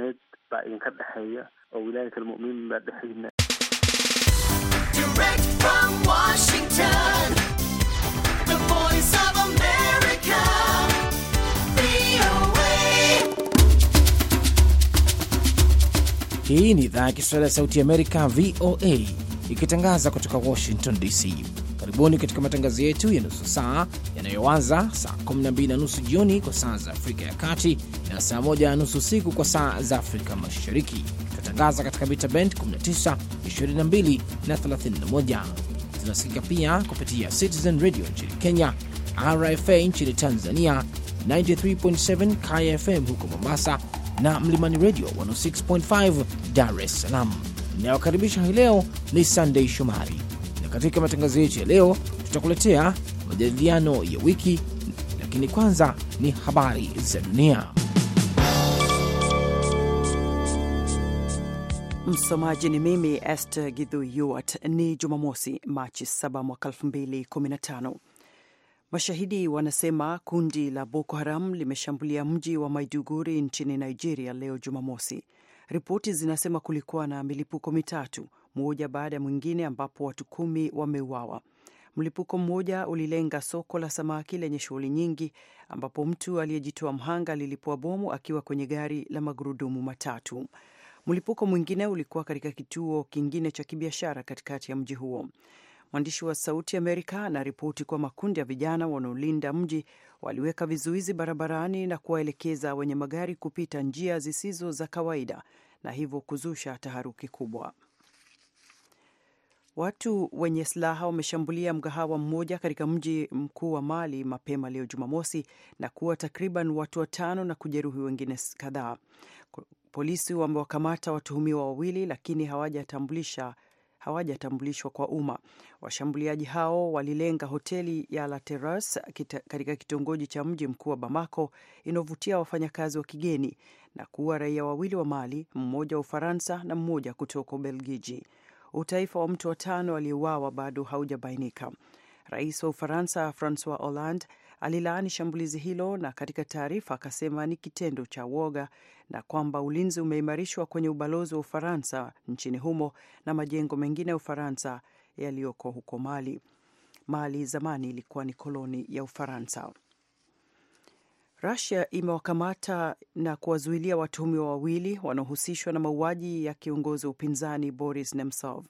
ed baa idinka dhexeeya oo wilaayat almu'miniin baa dhexeyna Hii ni idhaa ya Kiswahili ya Sauti Amerika, VOA, ikitangaza kutoka Washington DC. Karibuni katika matangazo yetu ya nusu saa yanayoanza saa 12 na nusu jioni kwa saa za Afrika ya Kati na saa 1 na nusu usiku kwa saa za Afrika Mashariki. Tunatangaza katika mita bend 19, 22 na 31. Tunasikika pia kupitia Citizen Radio nchini Kenya, RFA nchini Tanzania, 93.7 KFM huko Mombasa na Mlimani Radio 106.5 Dar es Salaam. Inayokaribisha hii leo ni sandei Shomari katika matangazo yetu ya leo, tutakuletea majadiliano ya wiki, lakini kwanza ni habari za dunia. Msomaji ni mimi Esther Gidhuyuat. Ni Jumamosi, Machi 7 mwaka 2015. Mashahidi wanasema kundi la Boko Haram limeshambulia mji wa Maiduguri nchini Nigeria leo Jumamosi. Ripoti zinasema kulikuwa na milipuko mitatu moja baada ya mwingine, ambapo watu kumi wameuawa. Mlipuko mmoja ulilenga soko la samaki lenye shughuli nyingi, ambapo mtu aliyejitoa mhanga alilipua bomu akiwa kwenye gari la magurudumu matatu. Mlipuko mwingine ulikuwa katika kituo kingine cha kibiashara katikati ya mji huo. Mwandishi wa Sauti Amerika anaripoti kuwa makundi ya vijana wanaolinda mji waliweka vizuizi barabarani na kuwaelekeza wenye magari kupita njia zisizo za kawaida na hivyo kuzusha taharuki kubwa. Watu wenye silaha wameshambulia mgahawa mmoja katika mji mkuu wa Mali mapema leo Jumamosi na kuwa takriban watu watano na kujeruhi wengine kadhaa. Polisi wamewakamata watuhumiwa wawili, lakini hawajatambulisha hawajatambulishwa kwa umma. Washambuliaji hao walilenga hoteli ya La Terrasse kita, katika kitongoji cha mji mkuu wa Bamako inayovutia wafanyakazi wa kigeni na kuua raia wawili wa Mali, mmoja wa Ufaransa na mmoja kutoka Ubelgiji. Utaifa wa mtu watano aliyeuawa bado haujabainika. Rais wa Ufaransa Francois Hollande alilaani shambulizi hilo na katika taarifa akasema ni kitendo cha woga na kwamba ulinzi umeimarishwa kwenye ubalozi wa Ufaransa nchini humo na majengo mengine ya Ufaransa yaliyoko huko Mali. Mali zamani ilikuwa ni koloni ya Ufaransa rasia imewakamata na kuwazuilia watuhumiwa wawili wanaohusishwa na mauaji ya kiongozi wa upinzani Boris Nemtsov.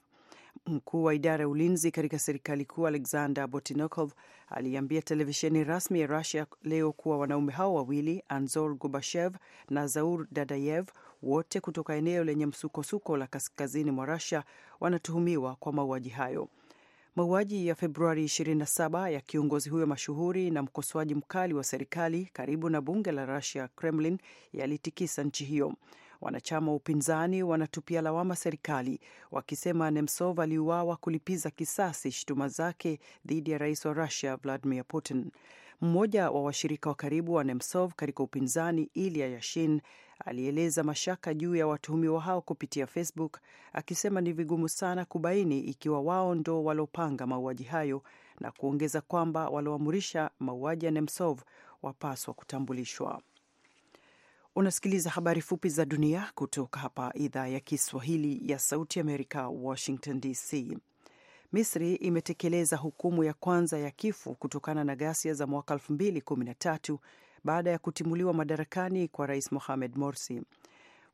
Mkuu wa idara ya ulinzi katika serikali kuu Alexander Botinokov aliambia televisheni rasmi ya rasia leo kuwa wanaume hao wawili Anzor Gubashev na Zaur Dadayev, wote kutoka eneo lenye msukosuko la kaskazini mwa rasia wanatuhumiwa kwa mauaji hayo. Mauaji ya Februari 27 ya kiongozi huyo mashuhuri na mkosoaji mkali wa serikali karibu na bunge la Russia, Kremlin, yalitikisa nchi hiyo. Wanachama wa upinzani wanatupia lawama serikali wakisema nemsov aliuawa kulipiza kisasi shutuma zake dhidi ya rais wa Russia, Vladimir Putin. Mmoja wa washirika wa karibu wa nemsov katika upinzani, Ilya Yashin, alieleza mashaka juu ya watuhumiwa hao kupitia Facebook akisema ni vigumu sana kubaini ikiwa wao ndo waliopanga mauaji hayo na kuongeza kwamba walioamurisha mauaji ya nemsov wapaswa kutambulishwa. Unasikiliza habari fupi za dunia kutoka hapa idhaa ya Kiswahili ya Sauti Amerika, Washington DC. Misri imetekeleza hukumu ya kwanza ya kifo kutokana na ghasia za mwaka 2013 baada ya kutimuliwa madarakani kwa Rais Mohamed Morsi.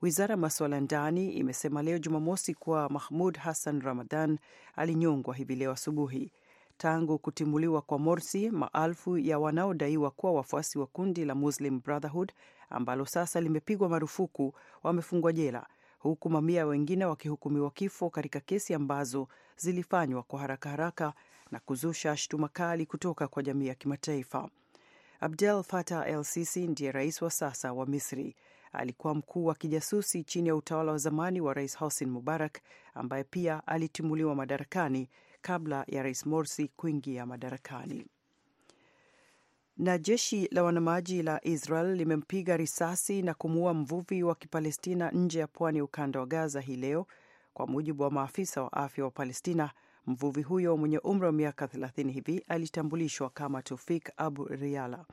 Wizara ya masuala ndani imesema leo Jumamosi kuwa Mahmud Hassan Ramadan alinyongwa hivi leo asubuhi. Tangu kutimuliwa kwa Morsi, maelfu ya wanaodaiwa kuwa wafuasi wa kundi la Muslim Brotherhood ambalo sasa limepigwa marufuku wamefungwa jela huku mamia wengine wakihukumiwa kifo katika kesi ambazo zilifanywa kwa haraka haraka na kuzusha shutuma kali kutoka kwa jamii ya kimataifa. Abdel Fattah El Sisi ndiye rais wa sasa wa Misri. Alikuwa mkuu wa kijasusi chini ya utawala wa zamani wa Rais Hosni Mubarak ambaye pia alitimuliwa madarakani kabla ya Rais Morsi kuingia madarakani. Na jeshi la wanamaji la Israel limempiga risasi na kumuua mvuvi wa Kipalestina nje ya pwani ya ukanda wa Gaza hii leo kwa mujibu wa maafisa wa afya wa Palestina, mvuvi huyo mwenye umri wa miaka 30 hivi alitambulishwa kama Tofik Abu Riala.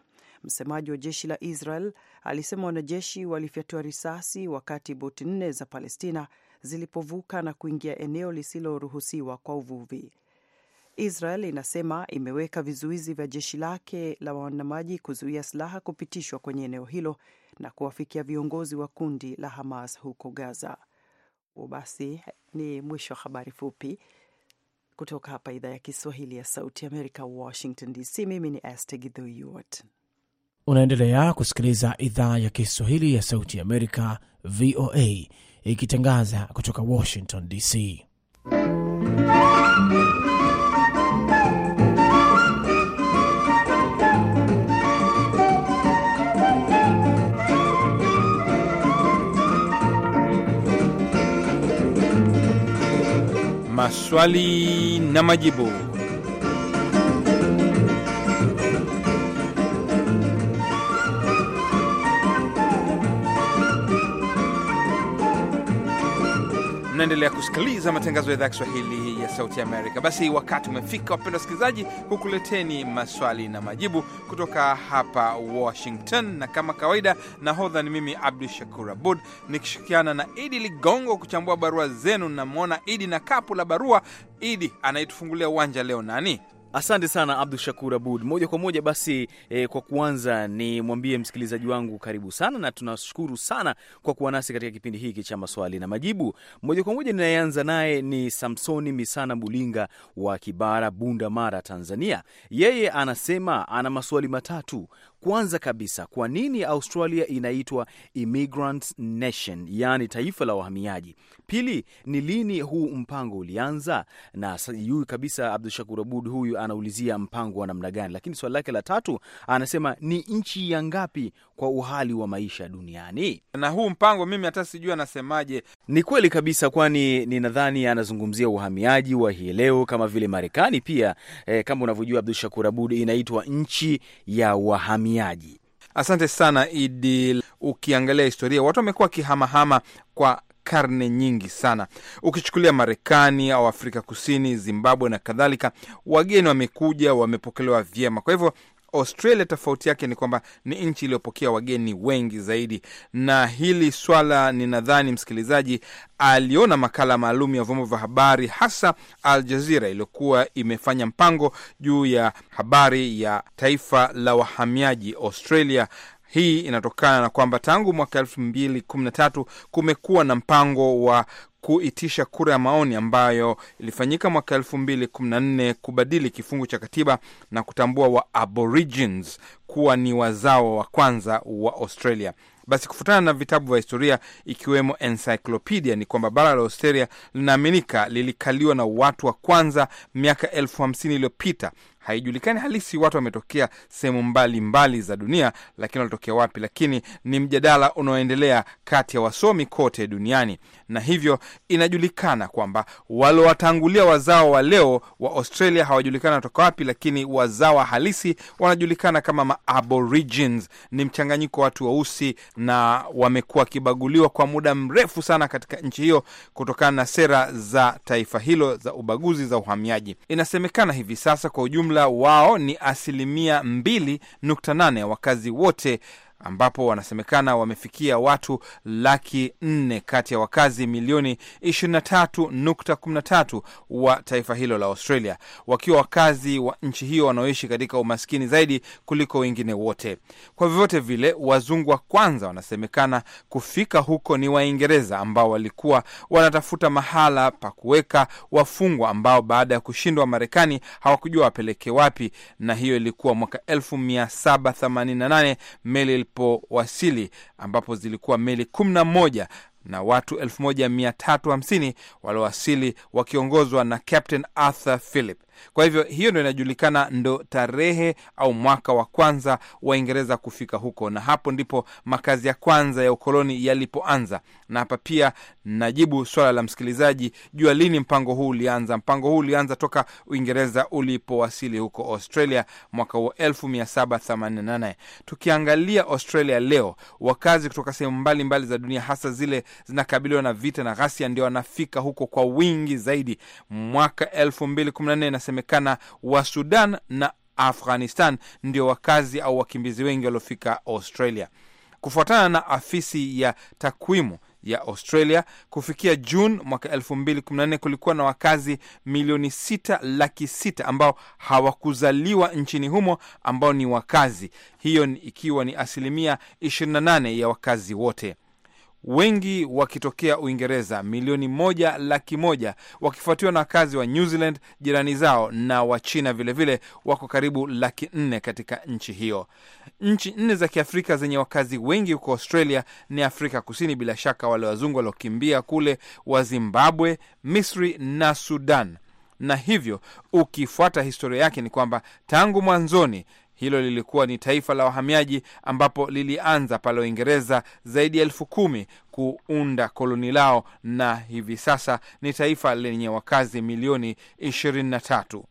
Msemaji wa jeshi la Israel alisema wanajeshi walifyatua risasi wakati boti nne za Palestina zilipovuka na kuingia eneo lisiloruhusiwa kwa uvuvi. Israel inasema imeweka vizuizi vya jeshi lake la wanamaji kuzuia silaha kupitishwa kwenye eneo hilo na kuwafikia viongozi wa kundi la Hamas huko Gaza. Basi ni mwisho wa habari fupi kutoka hapa idhaa ya Kiswahili ya Sauti Amerika, Washington DC. Mimi ni Aste Unaendelea kusikiliza idhaa ya Kiswahili ya Sauti Amerika, VOA, ikitangaza kutoka Washington DC. Maswali na majibu. Mnaendelea kusikiliza matangazo ya idhaa ya Kiswahili ya Sauti Amerika. Basi wakati umefika, wapenda wasikilizaji, kukuleteni maswali na majibu kutoka hapa Washington, na kama kawaida, nahodha ni mimi Abdu Shakur Abud nikishirikiana na Idi Ligongo kuchambua barua zenu. Namwona Idi na kapu la barua. Idi, anayetufungulia uwanja leo nani? Asante sana Abdu Shakur Abud. Moja kwa moja basi eh, kwa kuanza ni mwambie msikilizaji wangu karibu sana, na tunashukuru sana kwa kuwa nasi katika kipindi hiki cha maswali na majibu. Moja kwa moja ninayeanza naye ni Samsoni Misana Bulinga wa Kibara, Bunda Mara, Tanzania. Yeye anasema ana maswali matatu. Kwanza kabisa, kwa nini Australia inaitwa immigrant nation, yaani taifa la wahamiaji? Pili, ni lini huu mpango ulianza? Na juu kabisa, Abdu Shakur Abud huyu anaulizia mpango wa namna gani, lakini swali lake la tatu anasema ni nchi ya ngapi kwa uhali wa maisha duniani? Na huu mpango mimi hata sijui anasemaje. Ni kweli kabisa, kwani ninadhani anazungumzia uhamiaji wa hii leo kama vile Marekani pia eh, kama unavyojua Abdu Shakur Abud inaitwa nchi ya wahamiaji uhamiaji. Asante sana Idi. Ukiangalia historia, watu wamekuwa wakihamahama kwa karne nyingi sana. Ukichukulia Marekani au Afrika Kusini, Zimbabwe na kadhalika, wageni wamekuja, wamepokelewa vyema. Kwa hivyo Australia tofauti yake ni kwamba ni nchi iliyopokea wageni wengi zaidi, na hili swala ninadhani msikilizaji aliona makala maalum ya vyombo vya habari, hasa Al Jazira iliyokuwa imefanya mpango juu ya habari ya taifa la wahamiaji Australia hii inatokana na kwamba tangu mwaka elfu mbili kumi na tatu kumekuwa na mpango wa kuitisha kura ya maoni ambayo ilifanyika mwaka elfu mbili kumi na nne kubadili kifungu cha katiba na kutambua wa Aborigines kuwa ni wazao wa kwanza wa Australia. Basi kufutana na vitabu vya historia ikiwemo encyclopedia ni kwamba bara la Australia linaaminika lilikaliwa na watu wa kwanza miaka elfu hamsini iliyopita Haijulikani halisi watu wametokea sehemu mbalimbali za dunia, lakini walitokea wapi, lakini ni mjadala unaoendelea kati ya wasomi kote duniani, na hivyo inajulikana kwamba waliowatangulia wazao wa leo wa Australia hawajulikani watoka wapi, lakini wazawa halisi wanajulikana kama Maaborigines. Ni mchanganyiko wa watu weusi na wamekuwa wakibaguliwa kwa muda mrefu sana katika nchi hiyo kutokana na sera za taifa hilo za ubaguzi za uhamiaji. Inasemekana hivi sasa kwa ujumla wao ni asilimia 2.8 ya wakazi wote ambapo wanasemekana wamefikia watu laki nne kati ya wakazi milioni 23.13 wa taifa hilo la Australia, wakiwa wakazi wa nchi hiyo wanaoishi katika umaskini zaidi kuliko wengine wote. Kwa vyovyote vile, wazungu wa kwanza wanasemekana kufika huko ni Waingereza ambao walikuwa wanatafuta mahala pa kuweka wafungwa ambao baada ya kushindwa Marekani hawakujua wapeleke wapi, na hiyo ilikuwa mwaka 1788 meli zilipowasili ambapo zilikuwa meli kumi na moja na watu 1350 waliowasili wakiongozwa na Captain Arthur philip kwa hivyo hiyo ndo inajulikana ndo tarehe au mwaka wa kwanza Waingereza kufika huko, na hapo ndipo makazi ya kwanza ya ukoloni yalipoanza. Na hapa pia najibu swala la msikilizaji, jua lini mpango huu ulianza? Mpango huu ulianza toka Uingereza ulipowasili huko Australia mwaka wa 1788. Tukiangalia Australia leo, wakazi kutoka sehemu mbalimbali za dunia, hasa zile zinakabiliwa na vita na ghasia, ndio wanafika huko kwa wingi zaidi. Mwaka 2014 inasemekana wa Sudan na Afghanistan ndio wakazi au wakimbizi wengi waliofika Australia. Kufuatana na afisi ya takwimu ya Australia, kufikia Juni mwaka 2014 kulikuwa na wakazi milioni sita laki sita ambao hawakuzaliwa nchini humo ambao ni wakazi, hiyo ikiwa ni asilimia 28 ya wakazi wote wengi wakitokea Uingereza, milioni moja laki moja wakifuatiwa na wakazi wa New Zealand jirani zao, na Wachina vilevile wako karibu laki nne katika nchi hiyo. Nchi nne za Kiafrika zenye wakazi wengi huko Australia ni Afrika Kusini, bila shaka wale wazungu waliokimbia kule wa Zimbabwe, Misri na Sudan na hivyo ukifuata historia yake ni kwamba tangu mwanzoni hilo lilikuwa ni taifa la wahamiaji ambapo lilianza pale Uingereza zaidi ya elfu kumi kuunda koloni lao, na hivi sasa ni taifa lenye wakazi milioni ishirini na tatu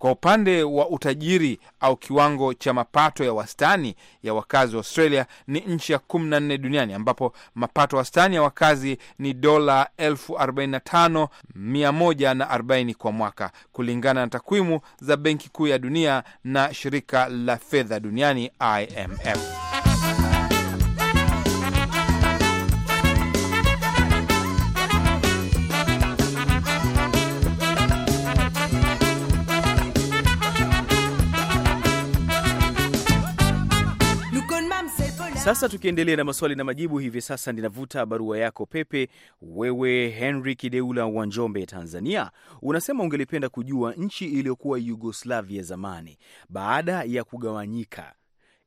kwa upande wa utajiri au kiwango cha mapato ya wastani ya wakazi wa Australia ni nchi ya 14 duniani ambapo mapato wastani ya wakazi ni dola 45140 kwa mwaka, kulingana na takwimu za Benki Kuu ya Dunia na shirika la fedha duniani IMF. Sasa tukiendelea na maswali na majibu, hivi sasa ninavuta barua yako pepe. Wewe Henri Kideula wa Njombe, Tanzania, unasema ungelipenda kujua nchi iliyokuwa Yugoslavia zamani baada ya kugawanyika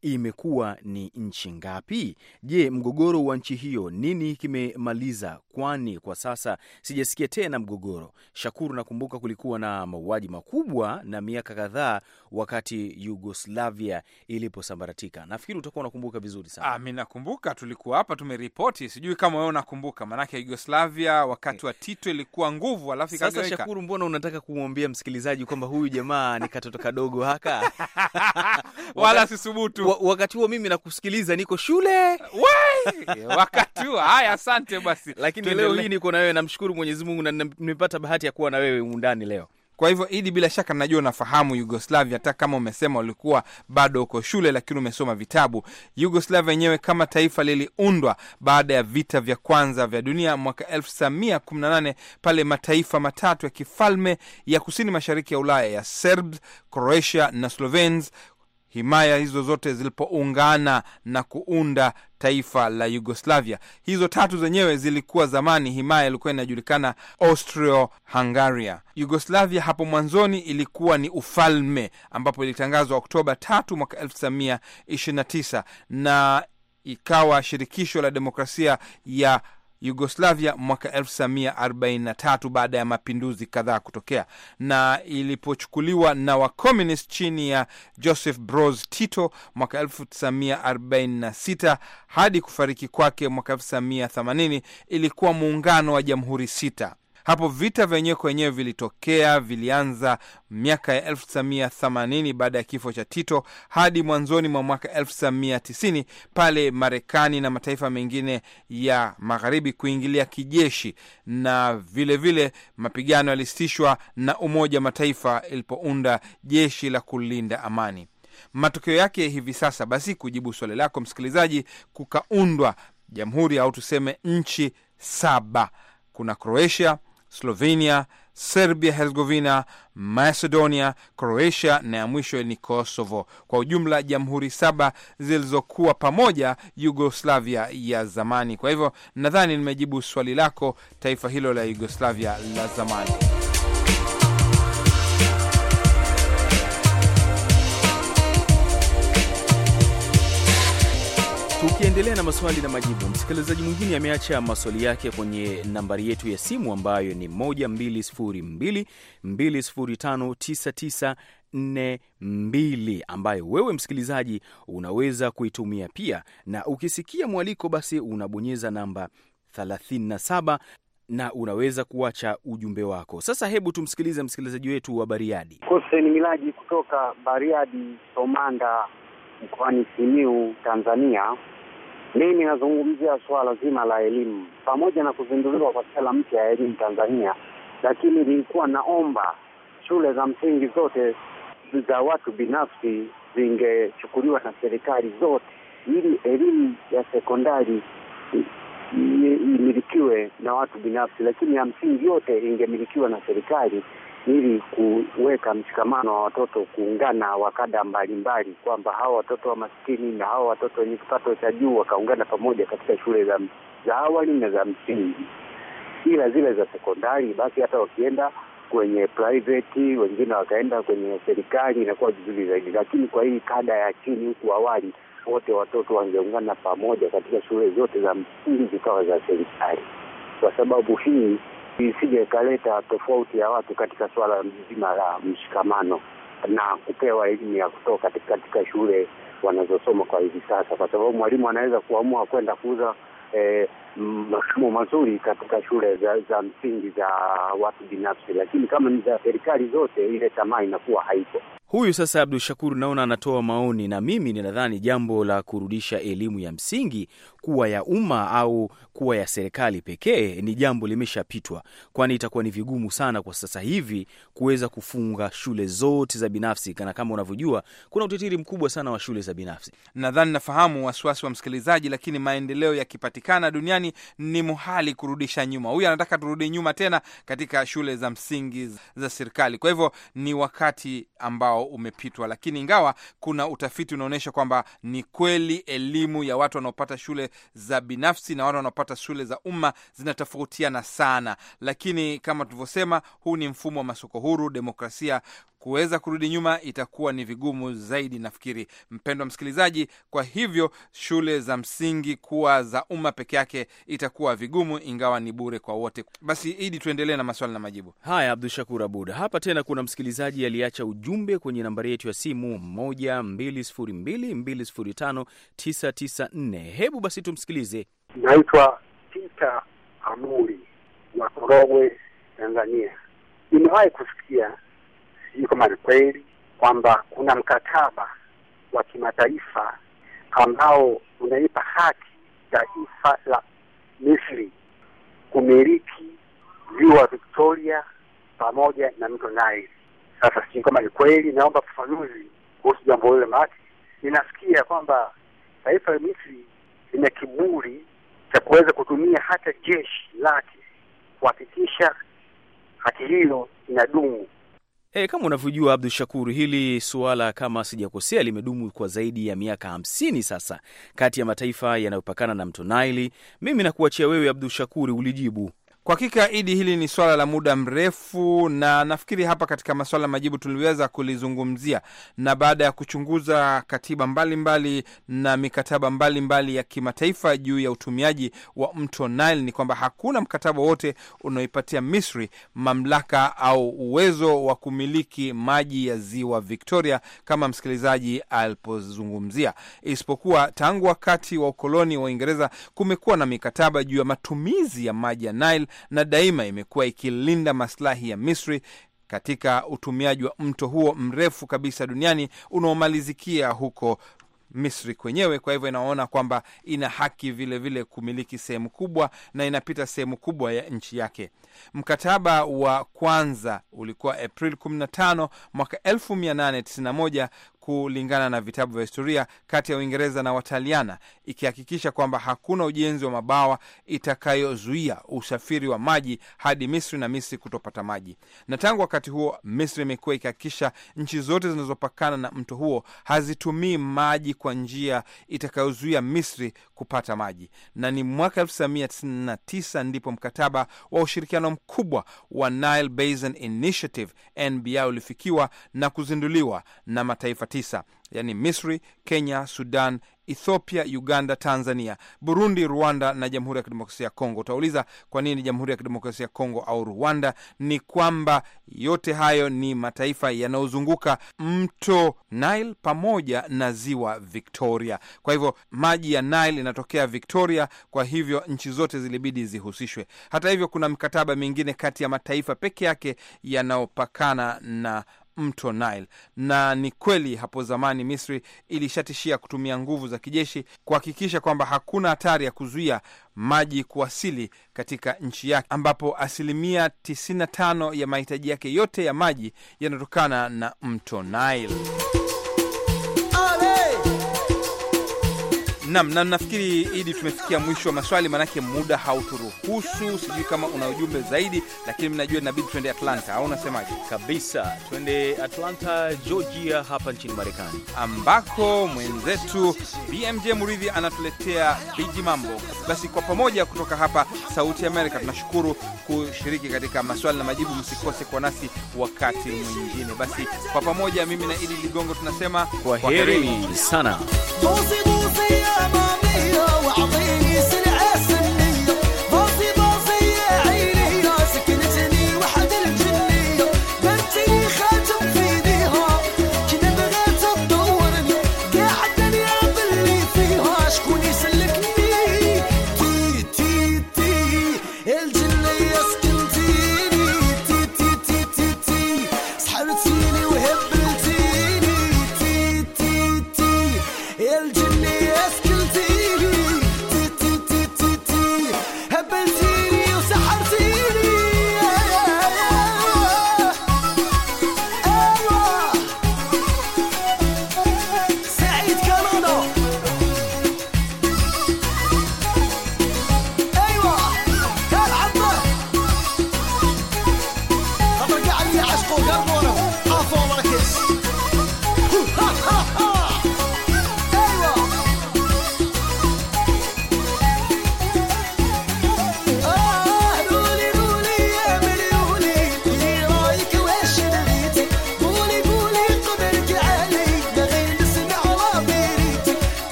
imekuwa ni nchi ngapi? Je, mgogoro wa nchi hiyo nini kimemaliza kwani kwa sasa sijasikia tena mgogoro. Shakuru, nakumbuka kulikuwa na mauaji makubwa na miaka kadhaa wakati Yugoslavia iliposambaratika. Nafikiri utakuwa unakumbuka vizuri sana. Ah, mi nakumbuka, tulikuwa hapa tumeripoti, sijui kama wewe unakumbuka, maanake Yugoslavia wakati wa Tito ilikuwa nguvu, alafu sasa. Shakuru, mbona unataka kumwambia msikilizaji kwamba huyu jamaa ni katoto kadogo haka? wala sisubutu. Wa, wakati huo mimi nakusikiliza, niko shule wakati huo. Haya, asante basi lakini leo hii niko na wewe, namshukuru Mwenyezi Mungu na nimepata bahati ya kuwa na wewe undani leo. Kwa hivyo Idi, bila shaka najua unafahamu Yugoslavia, hata kama umesema ulikuwa bado uko shule, lakini umesoma vitabu. Yugoslavia yenyewe kama taifa liliundwa baada ya vita vya kwanza vya dunia mwaka 1918 pale mataifa matatu ya kifalme ya kusini mashariki ya Ulaya ya Serbs, Croatia na slovens himaya hizo zote zilipoungana na kuunda taifa la Yugoslavia. Hizo tatu zenyewe zilikuwa zamani, himaya ilikuwa inajulikana Austro Hungaria. Yugoslavia hapo mwanzoni ilikuwa ni ufalme, ambapo ilitangazwa Oktoba tatu mwaka 1929 na ikawa shirikisho la demokrasia ya Yugoslavia mwaka 1943 baada ya mapinduzi kadhaa kutokea, na ilipochukuliwa na wakomunist chini ya Joseph Broz Tito mwaka 1946 hadi kufariki kwake mwaka 1980, ilikuwa muungano wa jamhuri sita. Hapo vita vyenyewe kwenyewe vilitokea, vilianza miaka ya 1980 baada ya kifo cha Tito hadi mwanzoni mwa mwaka 1990 pale Marekani na mataifa mengine ya magharibi kuingilia kijeshi, na vilevile vile mapigano yalisitishwa na Umoja wa Mataifa ilipounda jeshi la kulinda amani. Matokeo yake hivi sasa, basi kujibu swali lako msikilizaji, kukaundwa jamhuri au tuseme nchi saba. Kuna Croatia, Slovenia, Serbia, Herzegovina, Macedonia, Croatia na ya mwisho ni Kosovo. Kwa ujumla jamhuri saba zilizokuwa pamoja Yugoslavia ya zamani. Kwa hivyo nadhani nimejibu swali lako, taifa hilo la Yugoslavia la zamani. maswali na majibu. Msikilizaji mwingine ameacha maswali yake kwenye nambari yetu ya simu ambayo ni 12225942 ambayo wewe msikilizaji unaweza kuitumia pia, na ukisikia mwaliko basi unabonyeza namba 37 na unaweza kuacha ujumbe wako. Sasa hebu tumsikilize msikilizaji wetu wa Bariadi, Hussein Milaji kutoka Bariadi Somanda mkoani Simiu, Tanzania mimi ninazungumzia suala zima la elimu, pamoja na kuzinduliwa kwa sera mpya ya elimu Tanzania, lakini nilikuwa naomba shule za msingi zote za watu binafsi zingechukuliwa na serikali zote, ili elimu ya sekondari imilikiwe na watu binafsi, lakini ya msingi yote ingemilikiwa na serikali ili kuweka mshikamano wa watoto kuungana wa kada mbalimbali, kwamba hawa watoto wa masikini na hawa watoto wenye kipato cha juu wakaungana pamoja katika shule za, za awali na za msingi, ila zile za sekondari basi hata wakienda kwenye private wengine wakaenda kwenye serikali inakuwa vizuri zaidi, lakini kwa hii kada ya chini huku awali, wote watoto wangeungana pamoja katika shule zote za msingi kawa za serikali, kwa sababu hii isije ikaleta tofauti ya watu katika suala zima la mshikamano na kupewa elimu ya kutoka katika shule wanazosoma kwa hivi sasa, kwa sababu mwalimu anaweza kuamua kwenda kuuza eh, masomo mazuri katika shule za, za msingi za watu binafsi, lakini kama ni za serikali zote, ile tamaa inakuwa haipo. Huyu sasa abdu Shakur naona anatoa maoni, na mimi ninadhani jambo la kurudisha elimu ya msingi kuwa ya umma au kuwa ya serikali pekee ni jambo limeshapitwa, kwani itakuwa ni vigumu sana kwa sasa hivi kuweza kufunga shule zote za binafsi, kana kama unavyojua kuna utitiri mkubwa sana wa shule za binafsi. Nadhani nafahamu wasiwasi wa msikilizaji, lakini maendeleo yakipatikana duniani gani ni muhali kurudisha nyuma. Huyu anataka turudi nyuma tena katika shule za msingi za serikali. Kwa hivyo ni wakati ambao umepitwa, lakini ingawa kuna utafiti unaonyesha kwamba ni kweli elimu ya watu wanaopata shule za binafsi na watu wanaopata shule za umma zinatofautiana sana, lakini kama tulivyosema, huu ni mfumo wa masoko huru, demokrasia kuweza kurudi nyuma itakuwa ni vigumu zaidi, nafikiri mpendwa msikilizaji. Kwa hivyo shule za msingi kuwa za umma peke yake itakuwa vigumu, ingawa ni bure kwa wote. Basi Idi, tuendelee na maswali na majibu haya. Abdu Shakur Abud hapa tena, kuna msikilizaji aliacha ujumbe kwenye nambari yetu ya simu 120220599 hebu basi tumsikilize. Naitwa Peter Amuri wa Korogwe, Tanzania. Nimewahi kusikia sijui kama ni kweli kwamba kuna mkataba wa kimataifa ambao unaipa haki taifa la Misri kumiliki ziwa Victoria pamoja na mto Nile. Sasa sijui kama ni kweli, naomba fafanuzi kuhusu jambo hilo, maana ninasikia kwamba taifa la Misri lina kiburi cha kuweza kutumia hata jeshi lake kuhakikisha haki hiyo inadumu. E, kama unavyojua Abdu Shakur, hili suala kama sijakosea limedumu kwa zaidi ya miaka hamsini sasa kati ya mataifa yanayopakana na mto Naili. Mimi nakuachia wewe Abdu shakuri ulijibu kwa hakika Idi, hili ni swala la muda mrefu, na nafikiri hapa katika maswala majibu tuliweza kulizungumzia, na baada ya kuchunguza katiba mbalimbali mbali na mikataba mbalimbali mbali ya kimataifa juu ya utumiaji wa mto Nile ni kwamba hakuna mkataba wote unaoipatia Misri mamlaka au uwezo wa kumiliki maji ya ziwa Victoria kama msikilizaji alipozungumzia, isipokuwa tangu wakati wa ukoloni wa Uingereza kumekuwa na mikataba juu ya matumizi ya maji ya Nile na daima imekuwa ikilinda maslahi ya Misri katika utumiaji wa mto huo mrefu kabisa duniani unaomalizikia huko Misri kwenyewe. Kwa hivyo inaona kwamba ina haki vilevile vile kumiliki sehemu kubwa na inapita sehemu kubwa ya nchi yake. Mkataba wa kwanza ulikuwa Aprili 15 mwaka 1891 kulingana na vitabu vya historia kati ya Uingereza na Wataliana, ikihakikisha kwamba hakuna ujenzi wa mabawa itakayozuia usafiri wa maji hadi Misri na Misri kutopata maji. Na tangu wakati huo Misri imekuwa ikihakikisha nchi zote zinazopakana na mto huo hazitumii maji kwa njia itakayozuia Misri kupata maji, na ni mwaka 1999 ndipo mkataba wa ushirikiano mkubwa wa Nile Basin Initiative NBI ulifikiwa na kuzinduliwa na mataifa tisa yaani Misri, Kenya, Sudan, Ethiopia, Uganda, Tanzania, Burundi, Rwanda na Jamhuri ya Kidemokrasia ya Kongo. Utauliza kwa nini Jamhuri ya Kidemokrasia ya Kongo au Rwanda? Ni kwamba yote hayo ni mataifa yanayozunguka mto Nile pamoja na ziwa Victoria. Kwa hivyo maji ya Nile inatokea Victoria, kwa hivyo nchi zote zilibidi zihusishwe. Hata hivyo, kuna mikataba mingine kati ya mataifa peke yake yanayopakana na mto Nile. Na ni kweli hapo zamani Misri ilishatishia kutumia nguvu za kijeshi kuhakikisha kwamba hakuna hatari ya kuzuia maji kuwasili katika nchi yake, ambapo asilimia 95 ya mahitaji yake yote ya maji yanatokana na mto Nile. Nam na nafikiri Idi, tumefikia mwisho wa maswali, maanake muda hauturuhusu. Sijui kama una ujumbe zaidi, lakini mnajua inabidi tuende Atlanta, au unasemaje? Kabisa, tuende Atlanta, Georgia, hapa nchini Marekani, ambako mwenzetu BMJ Muridhi anatuletea biji mambo. Basi kwa pamoja, kutoka hapa Sauti Amerika, tunashukuru kushiriki katika maswali na majibu. Msikose kwa nasi wakati mwingine. Basi kwa pamoja, mimi na Idi Ligongo tunasema kwa heri sana. عطيه ماميه وعطيه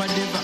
whatever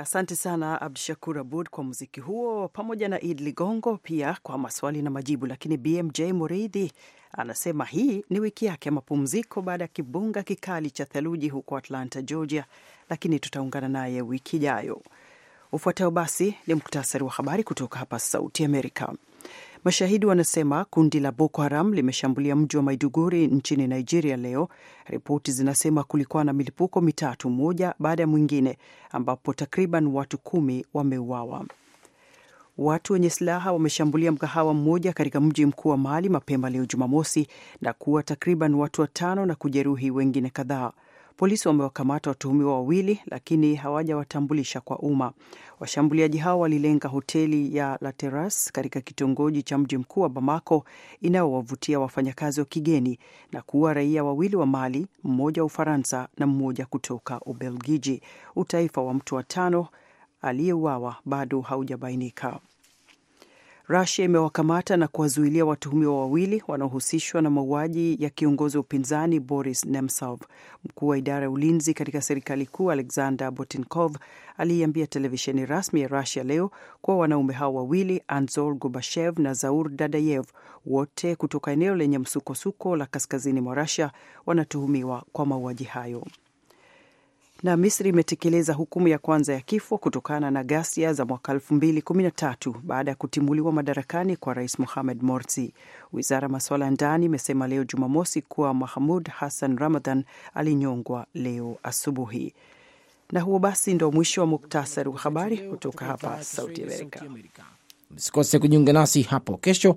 Asante sana Abdushakur Abud kwa muziki huo pamoja na Id Ligongo pia kwa maswali na majibu. Lakini BMJ Muridhi anasema hii ni wiki yake ya mapumziko baada ya kibunga kikali cha theluji huko Atlanta, Georgia, lakini tutaungana naye wiki ijayo. Ufuatao basi ni muktasari wa habari kutoka hapa Sauti Amerika. Mashahidi wanasema kundi la Boko Haram limeshambulia mji wa Maiduguri nchini Nigeria leo. Ripoti zinasema kulikuwa na milipuko mitatu, moja baada ya mwingine, ambapo takriban watu kumi wameuawa. Watu wenye silaha wameshambulia mgahawa mmoja katika mji mkuu wa Mali mapema leo Jumamosi na kuua takriban watu watano na kujeruhi wengine kadhaa. Polisi wamewakamata watuhumiwa wawili, lakini hawajawatambulisha kwa umma. Washambuliaji hao walilenga hoteli ya La Terrace katika kitongoji cha mji mkuu wa Bamako inayowavutia wafanyakazi wa kigeni na kuua raia wawili wa Mali, mmoja wa Ufaransa na mmoja kutoka Ubelgiji. Utaifa wa mtu wa tano aliyeuawa bado haujabainika. Rusia imewakamata na kuwazuilia watuhumiwa wawili wanaohusishwa na mauaji ya kiongozi wa upinzani Boris Nemtsov. Mkuu wa idara ya ulinzi katika serikali kuu Alexander Botinkov aliiambia televisheni rasmi ya Rusia leo kuwa wanaume hao wawili Anzor Gubashev na Zaur Dadayev, wote kutoka eneo lenye msukosuko la kaskazini mwa Rusia, wanatuhumiwa kwa mauaji hayo na Misri imetekeleza hukumu ya kwanza ya kifo kutokana na ghasia za mwaka elfu tatu baada ya kutimuliwa madarakani kwa Rais Mohamed Morsi. Wizara ya masuala ya ndani imesema leo Jumamosi kuwa Mahmud Hassan Ramadhan alinyongwa leo asubuhi. Na huo basi ndo mwisho wa muktasari wa habari kutoka hapa Sauti Amerika. Msikose kujiunga nasi hapo kesho